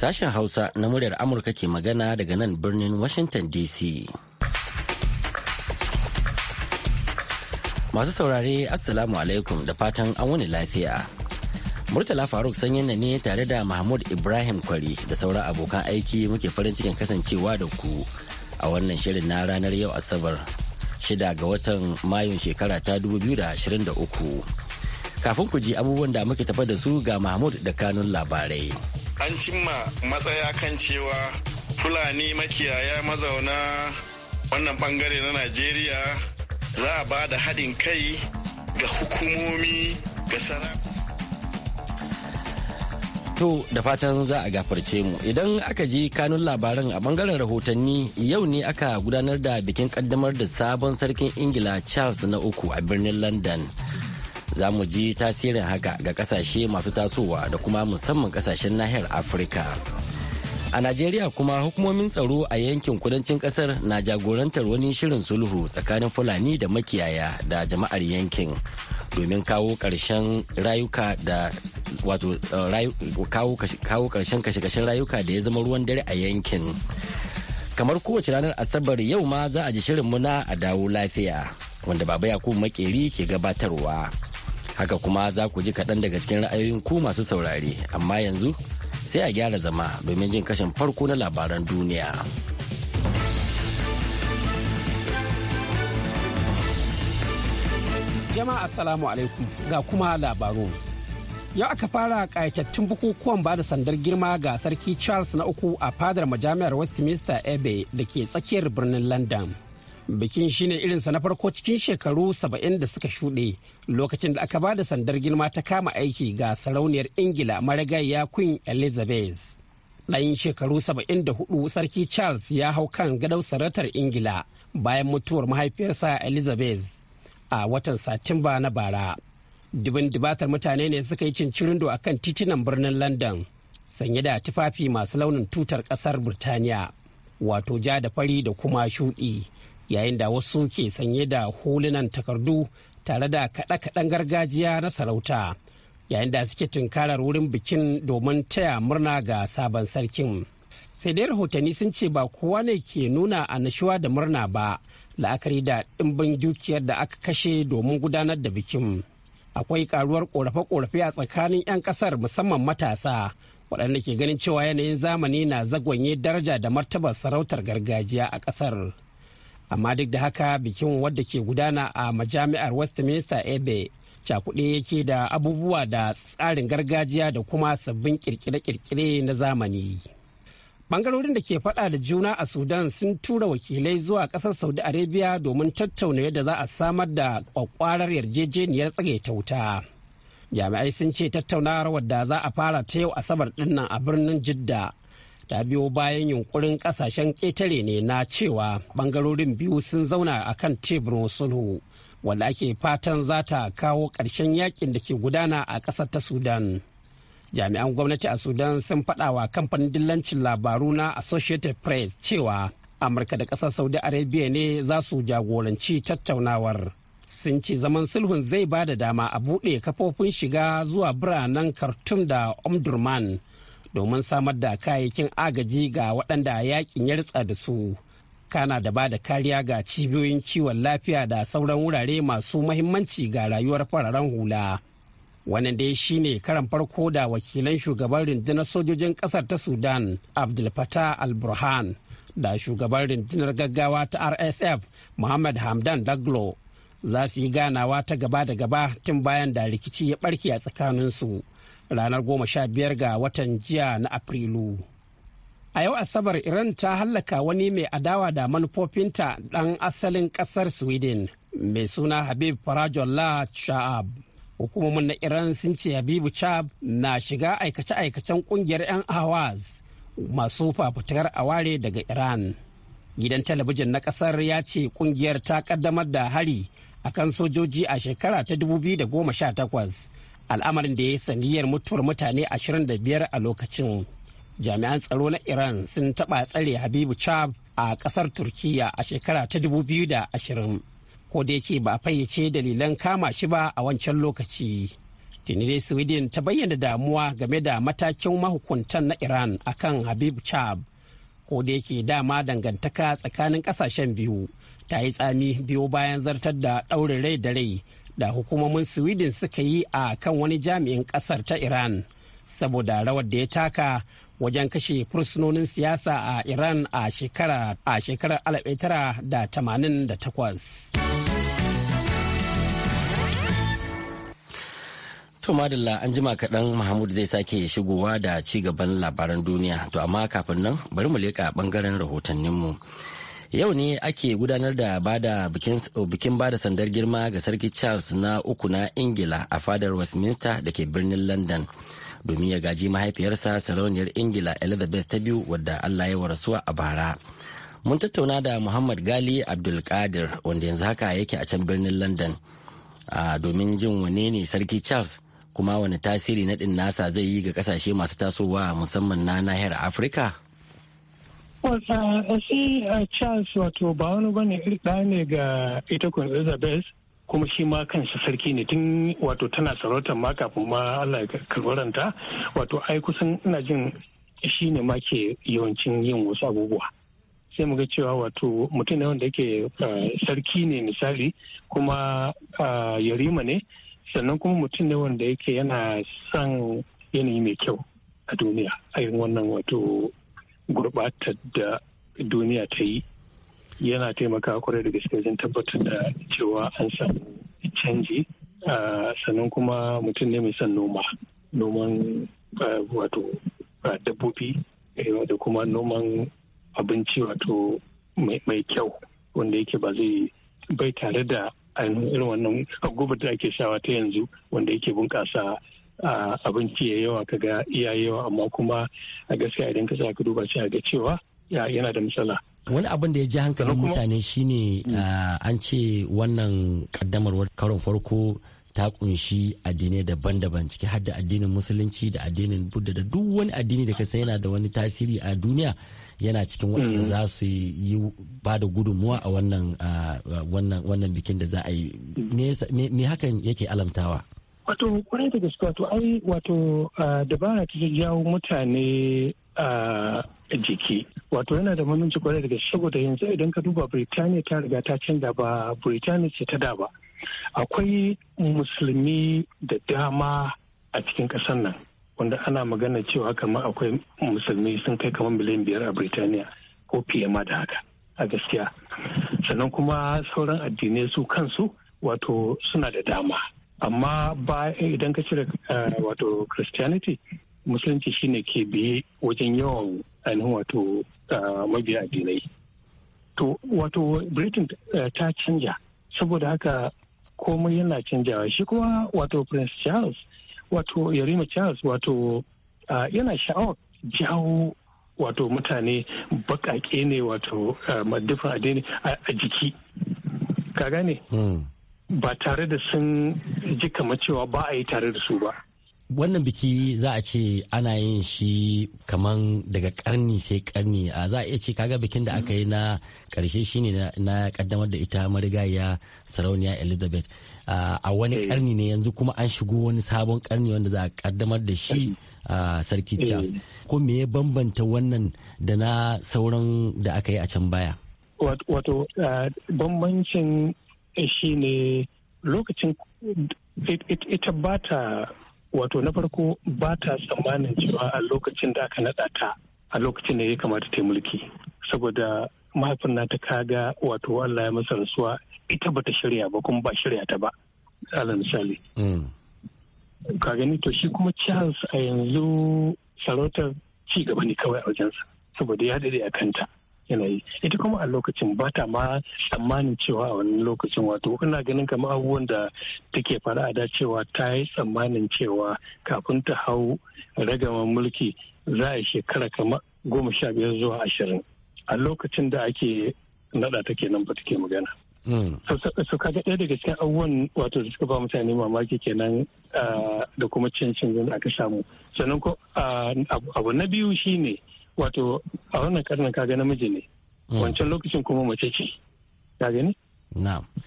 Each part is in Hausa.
Sashen Hausa na muryar Amurka ke magana daga nan birnin Washington DC. Masu saurare Assalamu alaikum da fatan an wani lafiya. Murtala Faruk sanyin na ne tare da Mahmud Ibrahim Kwari da sauran abokan aiki muke farin cikin kasancewa da ku a wannan shirin na ranar yau Asabar shida ga watan Mayun shekara ta 2023. kafin ku ji abubuwan da muke tafa da su ga mahmud da kanun labarai an cimma matsaya kan cewa fulani makiyaya mazauna wannan bangare na najeriya za a ba da haɗin kai ga hukumomi ga sarakuna to da fatan za a gafarce mu idan aka ji kanun labaran a bangaren rahotanni yau ne aka gudanar da bikin kaddamar da sabon sarkin ingila charles na uku a birnin london za mu ji tasirin haka ga kasashe masu tasowa da kuma musamman kasashen nahiyar afirka a najeriya kuma hukumomin tsaro a yankin kudancin kasar na jagorantar wani shirin sulhu tsakanin fulani da makiyaya da jama'ar yankin domin kawo ƙarshen rayuka da wato eh, kawo karshen kashe-kashen rayuka da ya zama ruwan dare a yankin kamar kowace ranar asabar yau ma za a ji shirin muna a dawo lafiya wanda baba yakubu makeri ke gabatarwa haka kuma za ku ji kaɗan daga cikin ra'ayoyin ku masu saurare amma yanzu sai a gyara zama domin jin kashin farko na labaran duniya jama'a assalamu alaikum ga kuma labaru yau aka fara kayatattun bukukuwan ba da sandar girma ga sarki charles na uku a fadar majami'ar westminster abbey da ke tsakiyar birnin london bikin shine sa na farko cikin shekaru saba'in da suka shuɗe lokacin da aka ba da sandar girma ta kama aiki ga sarauniyar ingila marigayya queen elizabeth ɗayin shekaru saba'in da hudu sarki charles ya hau kan gadau sarautar ingila bayan mutuwar mahaifiyarsa elizabeth a watan satumba na bara dubin dubatar mutane ne suka yi cirindo a kan titunan birnin london sanye da tufafi masu launin tutar ƙasar birtaniya wato ja da fari da kuma shuɗi yayin da wasu ke sanye da hulunan takardu tare da kaɗe-kaɗen gargajiya na sarauta yayin da suke tunkarar wurin bikin domin taya murna ga sabon sarkin sai dai rahotanni sun ce ba kowa ne ke nuna annashuwa da murna ba la'akari da ɗimbin dukiyar da aka kashe domin gudanar da bikin akwai karuwar korafe-korafe a tsakanin 'yan kasar musamman matasa waɗanda ke ganin cewa yanayin zamani na zagwanye daraja da martabar sarautar gargajiya a ƙasar. amma duk da haka bikin wadda ke gudana a majami'ar westminster ebe cakuɗe yake da abubuwa da tsarin gargajiya da kuma sabbin kirkire-kirkire na zamani bangarorin da ke faɗa da juna a sudan sun tura wakilai zuwa ƙasar saudi arabia domin tattauna yadda za a samar da kwakwarar yarjejeniyar tsagaita wuta jami'ai sun ce tattaunawar da za a fara ta yau asabar ɗinnan a birnin jidda ta biyo bayan yunkurin kasashen ƙetare ne na cewa bangarorin biyu sun zauna a kan teburin sulhu wanda ake fatan za ta kawo ƙarshen yakin da ke gudana a ƙasar ta sudan jami'an gwamnati a sudan sun faɗa wa kamfanin dillancin labaru na associated press cewa amurka da ƙasar saudi arabia ne za su jagoranci tattaunawar sun ce zaman sulhun zai ba da dama a buɗe kafofin shiga zuwa biranen khartoum da omdurman domin samar da kayayyakin agaji ga waɗanda yakin ya ritsa da su kana da ba da kariya ga cibiyoyin kiwon lafiya da sauran wurare masu mahimmanci ga rayuwar fararen hula wannan dai shine karan farko da wakilan shugaban rundunar sojojin ƙasar ta sudan abdul fatah al-burhan da shugaban rundunar gaggawa ta rsf muhammad hamdan daglo za su yi ganawa ta gaba da gaba tun bayan da rikici ya barke a tsakaninsu. su ranar goma sha biyar ga watan jiya na afrilu a yau asabar iran ta hallaka wani mai adawa da manufofinta ɗan asalin ƙasar sweden mai suna habib farajola chaab hukumomin na iran sun ce habibu chab na shiga aikace-aikacen ƙungiyar 'yan awaz masu fafutukar aware daga iran gidan talabijin na ƙasar ya ce ƙungiyar ta ƙaddamar da hari a kan sojoji a shekara ta 2018 al'amarin da ya yi saniyar mutuwar mutane 25 a lokacin jami'an tsaro na iran sun taɓa tsare habibu chab a ƙasar turkiya a shekara ta 2020 ko da yake ba fayyace dalilan kama shi ba a wancan lokaci dai sweden ta bayyana damuwa game da matakin mahukuntan na iran akan habibu chab ko da yake dama dangantaka tsakanin ƙasashen biyu ta yi tsami biyu bayan zartar da ɗaurin rai da rai da hukumomin sweden suka yi a kan wani jami'in kasar ta iran saboda rawar da ya taka wajen kashe fursunonin siyasa a iran a shekarar 1988 To madalla an jima kaɗan Mahmud zai sake shigowa da ci gaban labaran duniya to amma kafin nan bari mu leƙa ɓangaren rahotanninmu. mu. yau ne ake gudanar da bada bikin bada sandar girma ga sarki charles na uku na ingila a fadar westminster da ke birnin london domin ya gaji mahaifiyarsa sarauniyar ingila elizabeth ta biyu wadda allah ya warasuwa a bara mun tattauna da muhammad gali abdulkadir wanda yanzu haka yake a can birnin london domin jin wane ne sarki charles kuma wani tasiri naɗin nasa zai yi ga kasashe masu tasowa musamman na nahiyar afirka Uh, uh, shi uh, charles wato ba wani bane ɗa ne ga ita kun elizabeth kuma shi ma kansa sarki ne tun wato tana sarautar ma kafin ma allah ya karbaranta wato ai kusan ina jin shi ne ma ke yawancin yin wasu abubuwa sai mu ga cewa wato mutum ne wanda yake sarki ne misali kuma yarima ne sannan kuma mutum ne wanda yake yana son yanayi mai kyau a duniya a wannan wato gurɓatar da duniya ta yi yana taimaka kwarai da gaske wajen tabbatar da cewa an samu canji sannan kuma mutum ne mai son noma noman wato dabbobi eh, da kuma noman abinci wato mai kyau wanda yake ba zai bai tare da irin wannan agobar da ake shawa ta yanzu wanda yake bunƙasa abinci ya yawa kaga iya yawa amma kuma a gaskiya idan ka sa ka duba a ga cewa yana da matsala wani abin da ya ji hankalin mutane shine hmm. an ce wannan kaddamar karon farko ta kunshi addinai daban-daban ciki har da addinin musulunci da addinin buddha da duk wani addini da ka san yana da wani tasiri a duniya yana cikin waɗanda hmm. za su yi ba da gudunmuwa a wannan bikin da za a yi hmm. me hakan yake alamtawa wato kwarai da gaske wato ai wato dabara ta jawo mutane a jiki wato yana da manunci kwarai da gaske saboda yanzu idan ka duba birtaniya ta riga ta canza ba birtaniya ce ta da ba akwai musulmi da dama a cikin ƙasar nan wanda ana magana cewa kamar akwai musulmi sun kai kamar miliyan biyar a birtaniya ko fiye ma da haka a gaskiya sannan kuma sauran addinai su kansu wato suna da dama amma ba idan ka cire eh, wato christianity musulunci shine ke biye wajen yawan ainihin wato eh, mabiya addinai to wato britain eh, ta canja saboda haka komai yana canjawa shi kuma wato prince charles wato yarima charles wato yana sha'awar jawo wato mutane bakake ne wato maddufa a jiki ka gane hmm. ba tare da sun ji kamar cewa ba a yi tare da su ba. Wannan biki za a ce ana yin shi kaman daga karni sai karni a za a iya ce kaga bikin da aka yi na karshe shine na kaddamar da ita Marigayya sarauniya Elizabeth. A wani eh. karni ne yanzu kuma an shigo wani sabon karni wanda za a kaddamar da shi a sarki eh. Charles. Ko me ya bambanta wannan da na sauran da aka yi a can baya? Wato bambancin Eh, shine lokacin ita ba ta wato na farko ba ta tsammanin cewa a lokacin da aka naɗa ta a lokacin da ya kamata ta yi mulki saboda mahaifin na ta kaga wato Allah ya masa rasuwa ita ba ta shirya ba kuma ba shirya ta ba alal misali mm. ka gani to shi kuma Charles a yanzu sarautar ci gaba ne kawai a wajensa saboda ya dade a kanta yanayi ita kuma a lokacin ba ta ma tsammanin cewa a wani lokacin wato ina ganin kamar abubuwan da take fara a da cewa ta yi tsammanin cewa kafin ta hau ragaman mulki za a shekara kamar goma sha biyar zuwa ashirin a lokacin da ake naɗa ta nan ba take magana. Hmm. So kaga ɗaya daga cikin abubuwan wato da suka ba mutane mamaki kenan ah, da kuma cin cin aka samu. Sannan ah, abu na biyu shine wato a wannan karnin ga namiji ne hmm. wancan lokacin kuma mace ce ka gani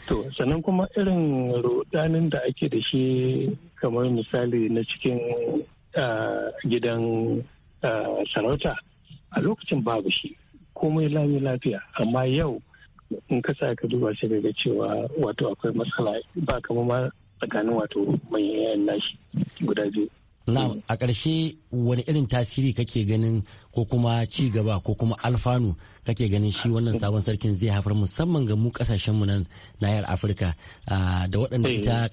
to sannan kuma irin rudanin da ake da shi kamar misali na cikin gidan sarauta a lokacin babu shi komai lami lafiya amma yau in ka sa ka duba shi ga cewa wato akwai matsala ba kamar ma tsakanin wato manyan nashi guda biyu na a ƙarshe wani irin tasiri kake ganin ko kuma ci gaba ko kuma alfanu kake ganin shi wannan sabon sarkin zai haifar musamman ga mu kasashen mu nan yar afirka da waɗanda eh. ita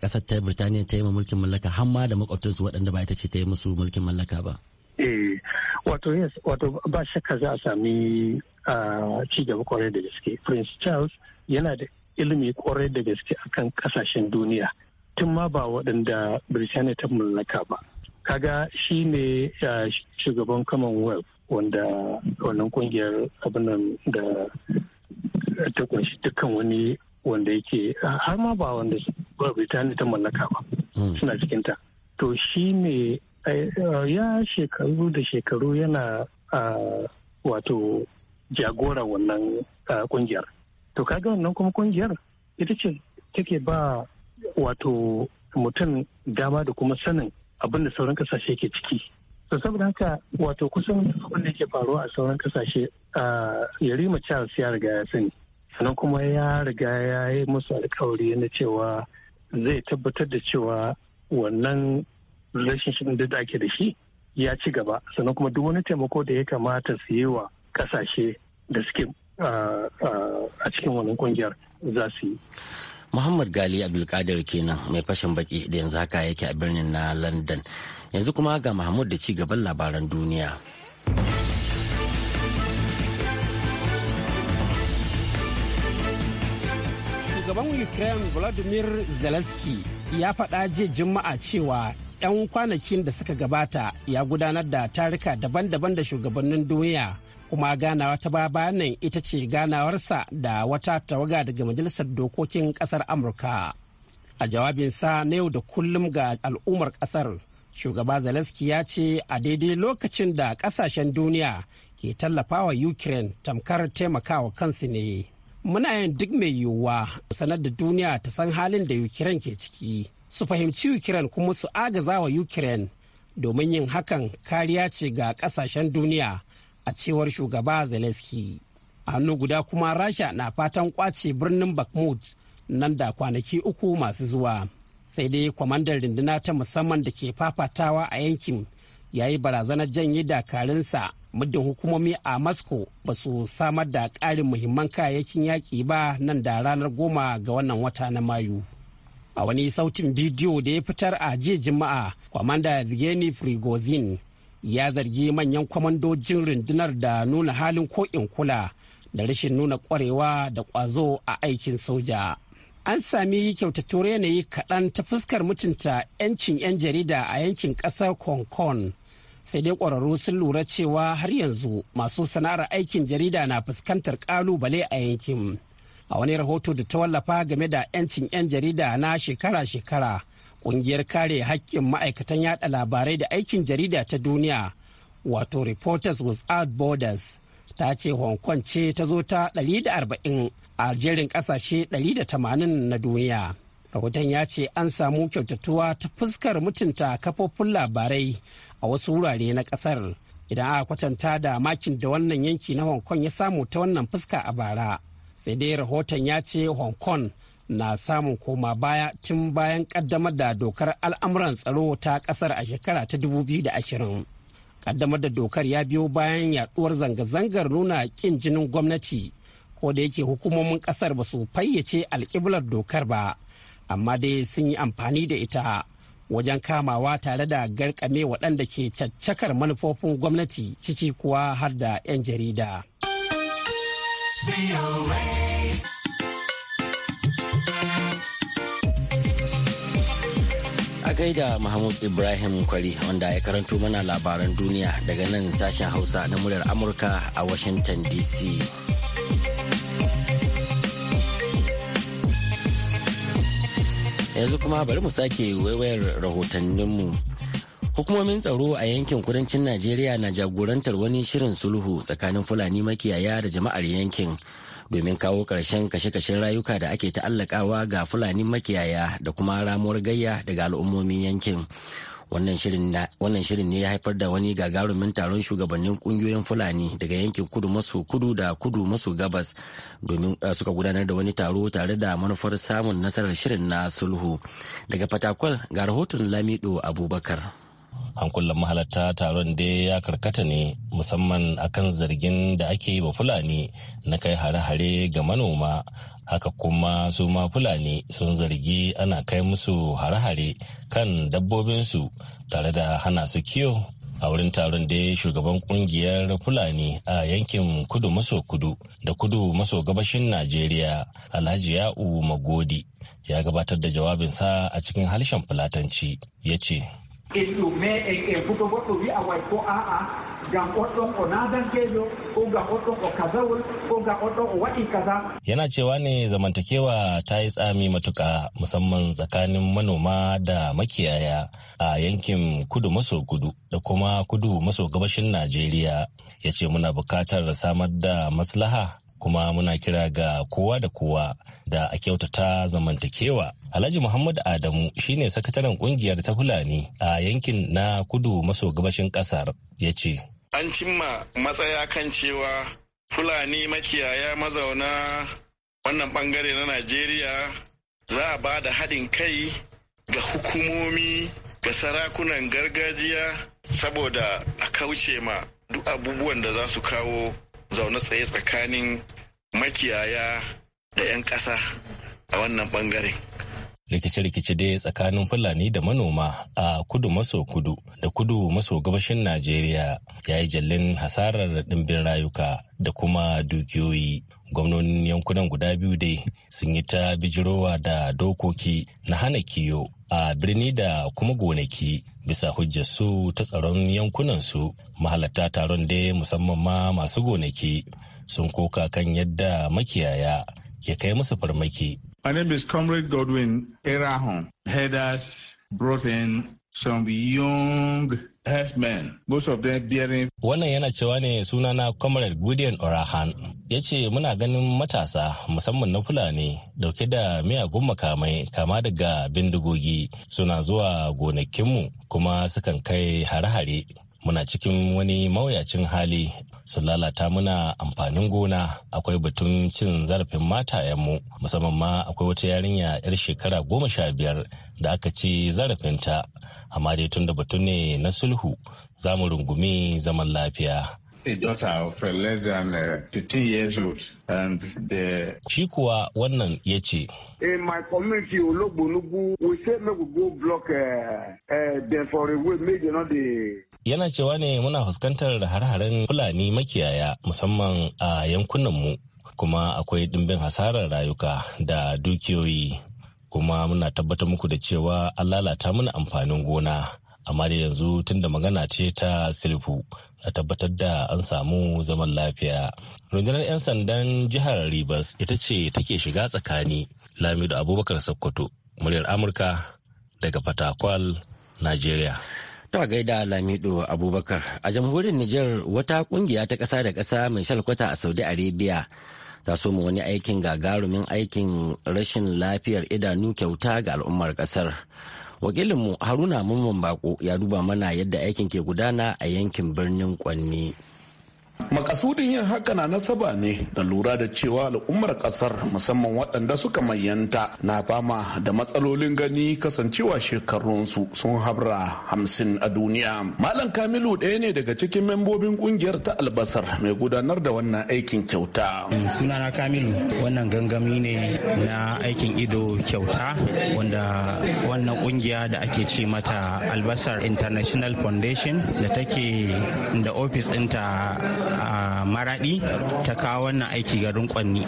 ƙasar ta birtaniya ta yi ma mulkin mallaka har ma da makwabtansu waɗanda ba ita ce ta yi musu mulkin mallaka ba eh, wato yes wato ba shakka za a sami ci gaba kwarai da gaske prince charles yana da ilimi kwarai da gaske akan kasashen duniya tun ma ba waɗanda birtaniya ta mallaka ba kaga shi ne shugaban commonwealth wanda wannan kungiyar abinan da ta kunshi dukkan wani wanda yake har ma ba wanda ba birtaniya ta mallaka ba hmm. suna cikinta to shi ne ya shekaru da shekaru yana wato jagora wannan kungiyar to kaga wannan kuma kungiyar ita ce take ba wato mutum dama da kuma sanin abin da sauran kasashe ke ciki to saboda haka wato kusan abin da ke faruwa a sauran kasashe yarima charles ya riga ya sani sannan kuma ya riga ya yi musu alkawari na cewa zai tabbatar da cewa wannan rashin relationship da ake da shi ya ci gaba sannan kuma duk wani taimako da ya kamata su yi wa kasashe da suke a cikin wannan kungiyar za su yi Muhammad Gali Abdulkadir kenan mai fashin baki da yanzu haka yake a birnin na London. Yanzu kuma ga Mahmud da ci gaban labaran duniya. Shugaban Ukraine Volodymyr Zelensky ya faɗa jiya Juma'a cewa 'yan kwanakin da suka gabata ya gudanar da tarika daban-daban da shugabannin duniya kuma ganawa ta baya bayan nan ita ce ganawarsa da wata tawaga daga majalisar dokokin kasar amurka a jawabinsa na yau da kullum ga al'ummar kasar shugaba zelensky ya ce a daidai lokacin da kasashen duniya ke tallafa wa ukraine tamkar taimakawa kansu ne muna yin duk mai yiwuwa sanar da duniya ta san halin da ukraine ke ciki su fahimci ukraine kuma su agaza wa ukraine domin yin hakan kariya ce ga kasashen duniya a cewar shugaba zelensky a hannu guda kuma rasha na fatan kwace birnin bakhmut nan da kwanaki uku masu zuwa sai dai kwamandan rinduna ta musamman da ke fafatawa a yankin ya yi barazanar janye dakarunsa muddin hukumomi a moscow ba su samar da ƙarin muhimman kayayyakin yaƙi ba nan da ranar goma ga wannan wata na mayu a wani sautin bidiyo da ya fitar a jiya juma'a kwamandan evgeny prigozhin ya zargi manyan kwamandojin rundunar da nuna halin ko'in kula da rashin nuna kwarewa da kwazo a aikin soja. An sami kyautattun yanayi kaɗan ta fuskar mutunta 'yancin 'yan jarida a yankin ƙasar Hong Kong. Sai dai ƙwararru sun lura cewa har yanzu masu sana'ar aikin jarida na fuskantar ƙalubale a yankin. A wani rahoto da ta wallafa game da 'yancin 'yan jarida na shekara-shekara. Ƙungiyar kare haƙƙin ma'aikatan yada labarai da aikin jarida ta duniya, wato Reporters Without Borders, ta ce Hong Kong ce ta zo ta 140 a jerin ƙasashe 180 na duniya. Rahoton ya ce an samu kyautatuwa ta fuskar mutunta kafofin labarai a wasu wurare na ƙasar. Idan aka kwatanta da makin da wannan yanki na Hong Kong ya samu ta wannan fuska a bara. Sai dai rahoton ya ce Hong Kong na samun koma baya tun bayan kaddamar da dokar al'amuran tsaro ta kasar a shekara ta 2020 kaddamar da dokar ya biyo bayan yaduwar zanga-zangar nuna kin jinin gwamnati ko da yake hukumomin kasar ba su fayyace alkiblar dokar ba amma dai sun yi amfani da ita wajen kamawa tare da garkame waɗanda ke caccakar manufofin gwamnati ciki kuwa har da 'yan jarida. gaida Mahmud Ibrahim Kwari wanda ya karanto mana labaran duniya daga nan sashen Hausa na muryar Amurka a Washington DC. Yanzu kuma bari mu sake waiwayar rahotanninmu. Hukumomin tsaro a yankin kudancin Najeriya na jagorantar wani shirin sulhu tsakanin Fulani makiyaya da jama'ar yankin. domin kawo ƙarshen kashe-kashen rayuka da ake ta'allakawa ga fulani makiyaya da kuma ramuwar gayya daga al'ummomin yankin wannan shirin ne ya haifar da wani gagarumin taron shugabannin kungiyoyin fulani daga yankin kudu maso kudu da kudu maso gabas domin eh, suka gudanar da wani taro tare da manufar samun nasarar shirin na sulhu daga fatakwal ga rahoton lamido abubakar hankulan mahalarta taron dai ya karkata ne musamman akan zargin da ake yi wa fulani na kai hare-hare ga manoma haka kuma su ma fulani sun zargi ana kai musu hare-hare kan dabbobinsu tare da hana su kiyo a wurin taron da shugaban kungiyar fulani a yankin kudu maso kudu da kudu maso gabashin najeriya alhaji ya'u magodi ya gabatar da jawabinsa a cikin harshen fulatanci ya ce eɗu mais e futo e goɗɗo wi'a a ko a'a gam oɗon o nadankejo ko gam oɗon o kazawul, ko gam oɗon o waɗi kaza yana cewa ne zamantakewa ta yi tsami matuka musamman tsakanin manoma da makiyaya a yankin kudu maso gudu da kuma kudu maso gabashin najeriya ya ce muna bukatar samar da maslaha kuma muna kira ga kowa da kowa da a kyautata zamantakewa. Alhaji Muhammad Adamu shine sakataren kungiyar ta Fulani a yankin na kudu maso gabashin kasar ya ce. An cimma matsaya kan cewa Fulani makiyaya mazauna wannan bangare na Najeriya za a ba da haɗin kai ga hukumomi ga sarakunan gargajiya saboda a kauce ma duk abubuwan da za su kawo zaune tsaye tsakanin makiyaya da 'yan ƙasa a wannan bangare. rikice-rikice dai tsakanin fulani da manoma a kudu maso kudu da kudu maso gabashin najeriya ya yi jallin hasarar ɗimbin rayuka da kuma dukiyoyi gwamnonin yankunan guda biyu dai sun yi ta bijirowa da dokoki na hana kiyo a birni da kuma gonaki bisa hujjar su ta tsaron yankunan su mahalarta taron dai musamman ma masu gonaki sun koka kan yadda makiyaya ke kai musu farmaki. My name is Comrade Godwin Erahon, headers brought some young herdsmen, most of them bearing. Wannan yana cewa ne sunana Comrade Gideon Orahan. Ya ce muna ganin matasa musamman na Fulani dauke da miyagun makamai kama daga bindigogi suna zuwa gonakinmu kuma sukan kai hare-hare muna cikin wani mawuyacin hali sun lalata muna amfanin gona akwai batun cin zarafin mata mu musamman ma akwai wata yarinya yar shekara goma sha biyar da aka ci zarafinta amma dai tun da batu ne na sulhu za mu rungumi zaman lafiya uh, Shi kuwa wannan ya ce, in my community we say make we go block uh, uh, them for a way make they not dey yana cewa ne muna fuskantar har-haren fulani makiyaya musamman a yankunanmu kuma akwai ɗimbin hasarar rayuka da dukiyoyi kuma muna tabbatar muku da cewa an lalata mana amfanin gona amma da yanzu tunda magana ce ta silfu a tabbatar da an samu zaman lafiya rundunar 'yan sandan jihar rivers ita ce take shiga tsakani lamido abubakar sokoto muryar amurka daga fatakwal nigeria ta gaida lamido abubakar a jamhuriyar niger wata kungiya ta ƙasa da ƙasa mai shalkwata a saudi arabia ta soma wani aikin gagarumin aikin rashin lafiyar idanu kyauta ga al'ummar ƙasar wakilinmu haruna mamman bako ya duba mana yadda aikin ke gudana a yankin birnin kwanni. makasudin yin haka na nasaba ne da lura da cewa al'ummar kasar musamman waɗanda suka mayanta na fama da matsalolin gani kasancewa shekarunsu sun habra hamsin a duniya malam kamilu ɗaya ne daga cikin membobin ƙungiyar ta albasar mai gudanar da wannan aikin kyauta sunana kamilu wannan gangami ne na aikin ido kyauta wanda wannan ƙungiya da ake ce mata albasar international foundation da take da ofis ɗinta a maradi ta kawo wannan aiki garin kwanni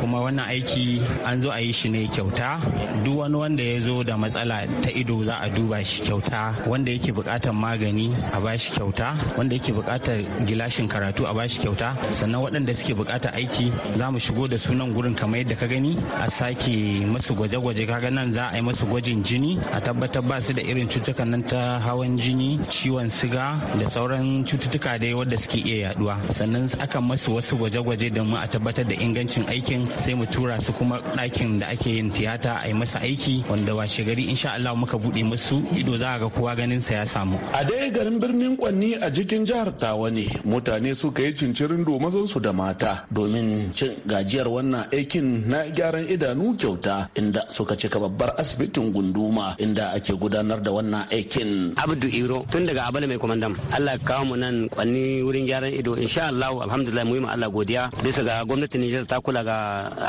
kuma wannan aiki an zo a yi shi ne kyauta duk wani wanda ya zo da matsala ta ido za a duba shi kyauta wanda yake buƙatar magani a bashi kyauta wanda yake buƙatar gilashin karatu a bashi kyauta sannan waɗanda suke buƙatar aiki za mu shigo da sunan gurin kamar yadda ka gani a sake masu gwaje-gwaje kaga nan za a yi masu gwajin jini a tabbatar ba su da irin cutukan nan ta hawan jini ciwon siga da sauran cututtuka dai wanda suke iya yaduwa ba sannan akan masu wasu gwaje-gwaje domin a tabbatar da ingancin aikin sai mu tura su kuma ɗakin da ake yin tiyata a yi masa aiki wanda washe gari insha Allah muka buɗe masu ido za a ga kowa ganin sa ya samu. A dai garin birnin Kwanni a cikin jihar Tawa ne mutane suka yi cincirin domazan su da mata domin cin gajiyar wannan aikin na gyaran idanu kyauta inda suka cika babbar asibitin gunduma inda ake gudanar da wannan aikin. Abdu Iro tun daga abala mai kwamandam Allah kawo mu nan Kwanni wurin gyaran ido insha Allah alhamdulillah mu Allah godiya bisa ga gwamnatin Nijar ta kula ga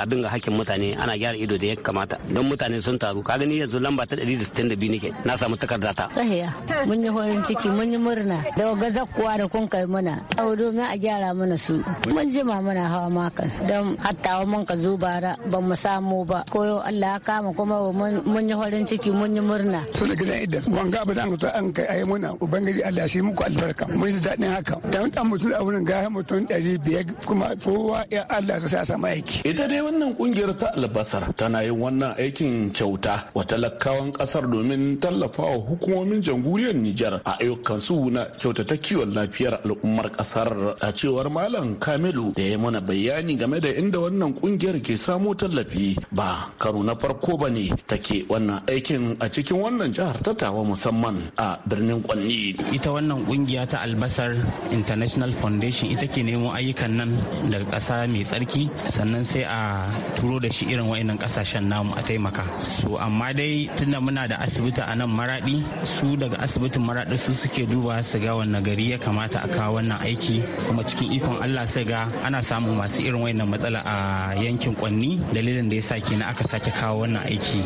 abin ga hakkin mutane ana gyara ido da ya kamata don mutane sun taru ka gani yanzu lamba ta 162 nake na samu takarda ta sahiya mun yi horin ciki mun yi murna da ga zakkuwa da kun kai mana au domin a gyara mana su mun jima muna hawa makan don hatta mun ka zo bara ban mu samu ba koyo Allah ya kama kuma mun yi horin ciki mun yi murna so da gidan idan wanga ba da an kai ai muna ubangiji Allah shi muku albarka mun ji dadin haka dan dan mutum a wurin ga mutum ɗari biyar kuma kowa ya Allah ta sa sama aiki. Ita dai wannan kungiyar ta albasar tana yin wannan aikin kyauta wa talakawan kasar domin tallafawa hukumomin jamhuriyar Nijar a ayyukan su na kyautata kiwon lafiyar al'ummar ƙasar a cewar Malam Kamilu da ya mana bayani game da inda wannan kungiyar ke samo tallafi ba karo na farko ba ne take wannan aikin a cikin wannan jihar ta tawa musamman a birnin Kwanni. Ita wannan kungiya ta albasar International Foundation shi ita ke nemo ayyukan nan daga ƙasa mai tsarki sannan sai a turo da shi irin wa'annan ƙasashen namu a taimaka so amma dai tunda muna da asibiti a nan maraɗi su daga asibitin maraɗi su suke duba su ga wannan gari ya kamata a kawo wannan aiki kuma cikin ikon Allah sai ga ana samu masu irin wa'inan matsala a yankin kwanni dalilin da ya sa kenan aka sake kawo wannan aiki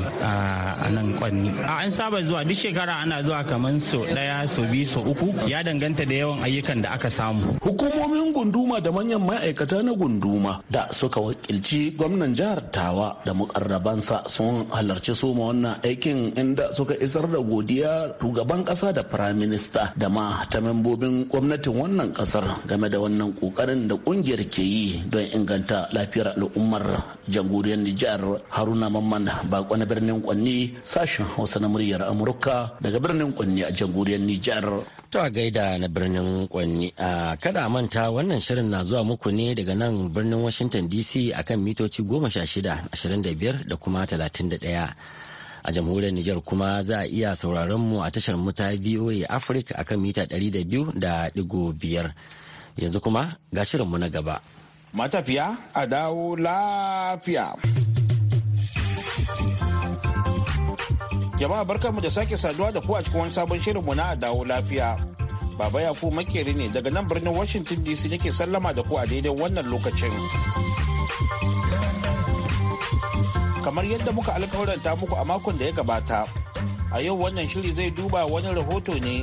a nan kwanni a an saba zuwa duk shekara ana zuwa kamar so ɗaya so biyu so uku ya danganta da yawan ayyukan da aka samu hukumar hukumomin gunduma da manyan ma'aikata na gunduma da suka wakilci gwamnan jihar tawa da mukarrabansa sun halarci suma wannan aikin inda suka isar da godiya shugaban kasa da firaminista da ma ta membobin gwamnatin wannan kasar game da wannan kokarin da kungiyar ke yi don inganta lafiyar al'ummar jamhuriyar nijar haruna mamman bako na birnin kwanni sashen hausa na muryar amurka daga birnin kwanni a jamhuriyar nijar ta gaida na birnin kwanni a kada man. manta wannan shirin na zuwa muku ne daga nan birnin Washington DC akan mitoci 16, 25 da kuma 31. a jamhuriyar Nijar kuma za a iya sauraron mu a tashar muta VOA Africa akan mita 200.5 yanzu kuma ga shirinmu na gaba. Matafiya a dawo lafiya. Jama'a barkanmu da sake saduwa da ku a cikin wani sabon shirinmu na a dawo lafiya. Baba Yaku makeri ne daga nan birnin Washington DC nake sallama da ku a daidai wannan lokacin. Kamar yadda muka alkawaranta muku a makon da ya gabata, a yau wannan shiri zai duba wani rahoto ne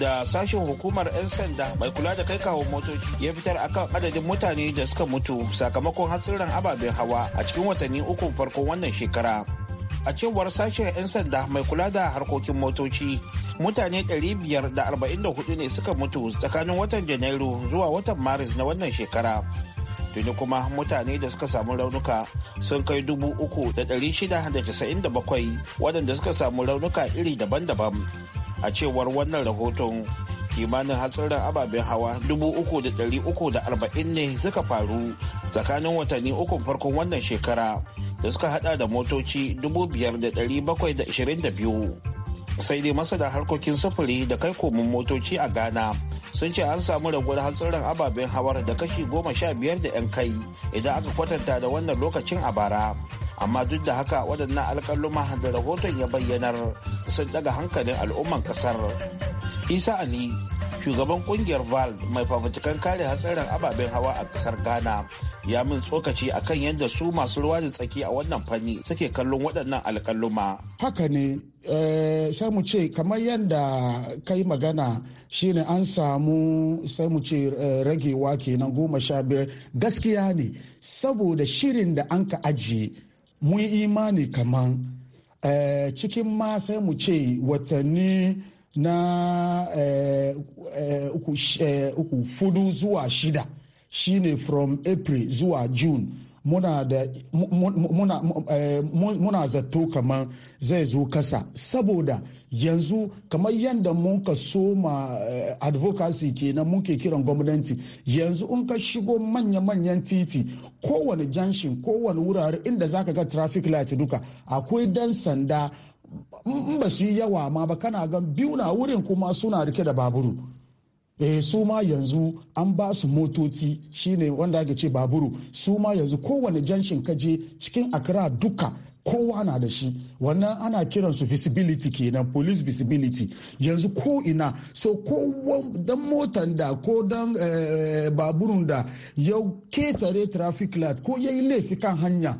da sashen hukumar 'yan sanda mai kula da kai kawo motoci ya fitar akan adadin mutane da suka mutu sakamakon hatsarin ababen hawa a cikin watanni ukun farkon wannan shekara. a cewar sashen 'yan sanda mai kula da harkokin motoci mutane 544 ne suka mutu tsakanin watan janairu zuwa watan maris na wannan shekara tuni kuma mutane da suka samu raunuka sun kai dubu uku da da bakwai waɗanda suka samu raunuka iri daban-daban a cewar wannan rahoton kimanin hatsarin ababen hawa 3,340 ne suka faru tsakanin watanni uku farkon wannan shekara da suka hada da motoci 5,722 sai dai masana harkokin sufuri da kai komin motoci a ghana sun ce an samu raguwar hatsarin ababen hawar da kashi goma sha biyar da 'yan kai idan aka kwatanta da wannan lokacin a bara amma duk da haka waɗannan alƙaluma da rahoton ya bayyanar sun daga hankalin al'umman ƙasar isa ali shugaban kungiyar val mai fafutukan kare hatsarin ababen hawa a ƙasar ghana ya min tsokaci akan yadda su masu ruwa da tsaki a wannan fanni suke kallon waɗannan alƙaluma haka ne eh, sai mu ce kamar yadda kai magana shine an samu sai mu ce eh, ragewa kenan goma sha biyar gaskiya ne saboda shirin da an ka ajiye mun imani kaman eh, cikin ma sai mu ce watanni na eh, eh, eh uku fudu zuwa shida shine from april zuwa june Eh, muna zato kamar zai zo kasa saboda yanzu kamar yadda mun ka soma eh, advocacy kenan muke kiran gwamnati yanzu in ka shigo manya-manyan titi kowane janshin kowane wurare inda zaka ga traffic light duka akwai dan sanda in ba su yi yawa ma ba kana gan biyu na wurin kuma suna rike da baburu eh su ma yanzu an ba su motoci shine wanda ake ce baburu su ma yanzu kowane janshin kaje cikin akra duka kowa na da shi wannan ana kiransu visibility kenan police visibility yanzu ko ina so ko dan motan da ko dan eh, baburun da ya ketare traffic light ko ya yi laifi kan hanya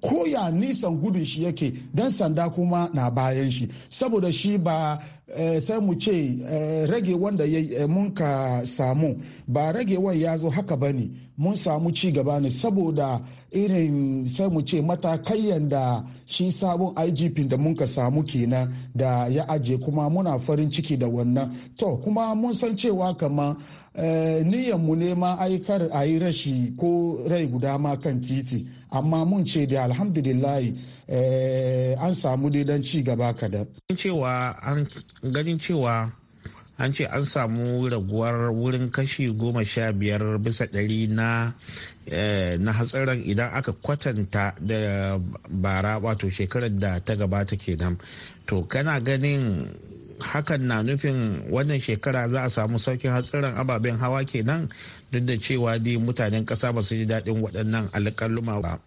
koya nisan gudun shi yake dan sanda kuma na bayan shi saboda shi ba eh, sai mu ce eh, rage wanda ya eh, mun ka samu ba rage ragewan ya zo haka ba ne mun samu ci gaba ne saboda irin sai mu ce matakayyan da shi sabon igp da mun ka samu kenan da ya aje kuma muna farin ciki da wannan to kuma mun san cewa kama Eh, niyan mu ma aikar a yi rashi ko rai guda ma kan titi amma mun ce da alhamdulillahi eh, an samu daidan ci gaba kadan. ganin cewa an ce an samu raguwar wurin kashi goma sha biyar bisa ɗari na eh, na hatsarin idan aka kwatanta da bara wato shekarar da ta gabata kenan to kana ganin hakan na nufin wannan shekara za a samu saukin hatsarin ababen hawa kenan duk da cewa di mutanen ƙasa ba su ji daɗin waɗannan alƙaluma ba.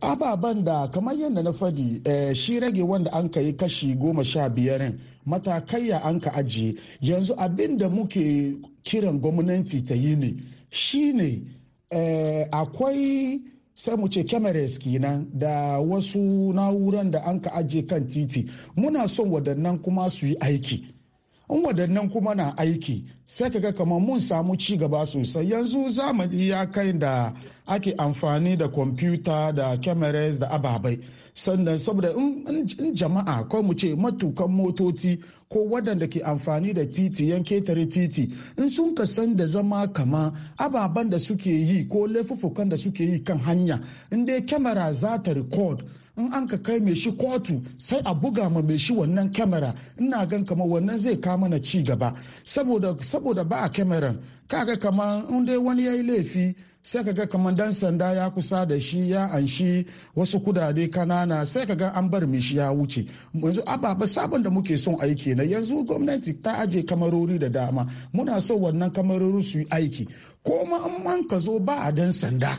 ababen da kamar yadda na fadi eh, shi rage wanda an ka yi kashi goma sha biyar matakai ya an ka ajiye yanzu abin da muke kiran gwamnati ta yi ne shine eh, akwai sai mu ce cameras kenan da wasu na'uran da an ka aje kan titi muna son waɗannan kuma su yi aiki in waɗannan kuma na aiki sai ka ga kamar mun samu ci gaba sosai yanzu zamani ya kai da ake amfani da kwamfuta da cameras da ababai sannan saboda in jama'a ko mu ce matukan motoci ko waɗanda ke amfani da titi yan ketare titi in sun san da zama kama ababen da suke yi ko laifuffukan da suke yi kan hanya in dai kyamara za ta record in an ka kai mai shi kotu sai a buga ma mai shi wannan kyamara ina gan kamar wannan zai kama mana ci gaba saboda ba a kyamaran kaga kamar in dai wani ya yi laifi sai kaga kamar dan sanda ya kusa da shi ya anshi wasu kudade kanana sai kaga an bar shi ya wuce yanzu ababa sabon da muke son aiki na yanzu gwamnati ta aje kamarori da dama muna son wannan kamarori su yi aiki ko ma an ka zo ba a dan sanda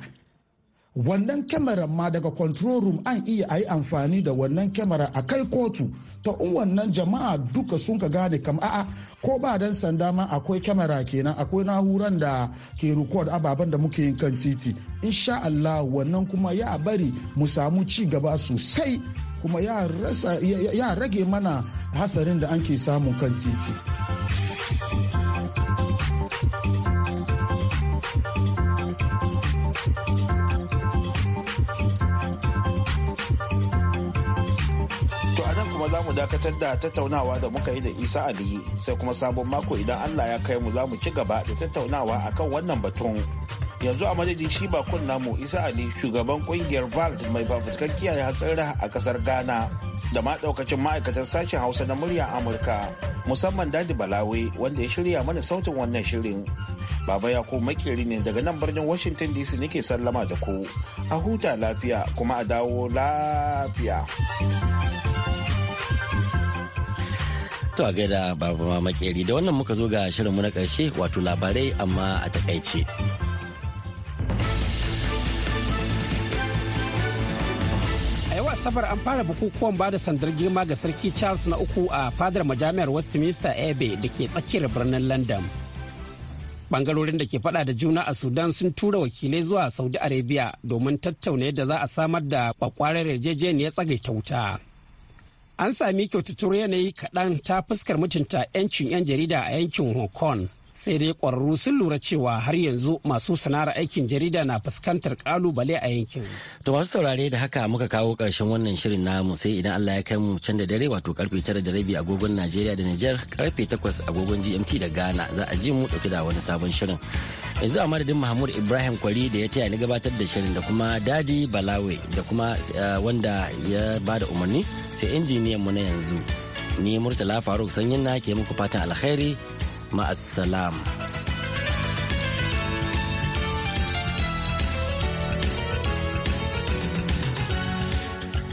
wannan kyamarar ma daga control room an iya a yi amfani da wannan kyamarar a kai kotu ta wannan jama'a duka sun ka gane kam a'a ko ba dan sanda ma akwai kyamara kenan akwai nahuran da ke record ababen da muke yin kan titi insha Allah wannan kuma ya bari mu samu ci gaba sosai kuma ya rage mana hasarin da an ke samu kan titi. za mu dakatar da tattaunawa da muka yi da isa ali sai kuma sabon mako idan allah ya kai mu za mu ci gaba da tattaunawa akan wannan batun yanzu a madadin shi bakun namu isa ali shugaban kungiyar vald mai fafutukar kiyaye hatsara a kasar ghana da ma daukacin ma'aikatan sashen hausa na murya amurka musamman dadi balawe wanda ya shirya mana sautin wannan shirin baba ya ko makeri ne daga nan birnin washington dc nake sallama da ku a huta lafiya kuma a dawo lafiya To a gaida babu ma makeri da wannan muka zo ga shirinmu na karshe wato labarai amma a takaice. A yau Asabar an fara bukukuwan bada sandar girma ga Sarki Charles na uku a fadar majami'ar Westminster Abbey da ke tsakiyar birnin London. bangarorin da ke fada da juna a sudan sun tura wakilai zuwa saudi arabia domin tattauna yadda za a samar da kwakwarar yarjejeniyar tsagaita wuta an sami kyautattun yanayi kaɗan ta fuskar mutunta 'yancin 'yan jarida a yankin hong kong sai dai kwararru sun lura cewa har yanzu masu sana'ar aikin jarida na fuskantar kalubale a yankin. To masu saurare da haka muka kawo ƙarshen wannan shirin namu sai idan Allah ya kai mu can da dare wato karfe tara da rabi agogon Najeriya da Nijar karfe takwas agogon GMT da Ghana za a ji mu dauke da wani sabon shirin. Yanzu a madadin Mahmud Ibrahim Kwari da ya taya ni gabatar da shirin da kuma Dadi Balawe da kuma eh, wanda ya bada umarni sai injiniyan mu na yanzu. Ni Murtala Faruk Sanyin na ke muku fatan alkhairi مع السلامه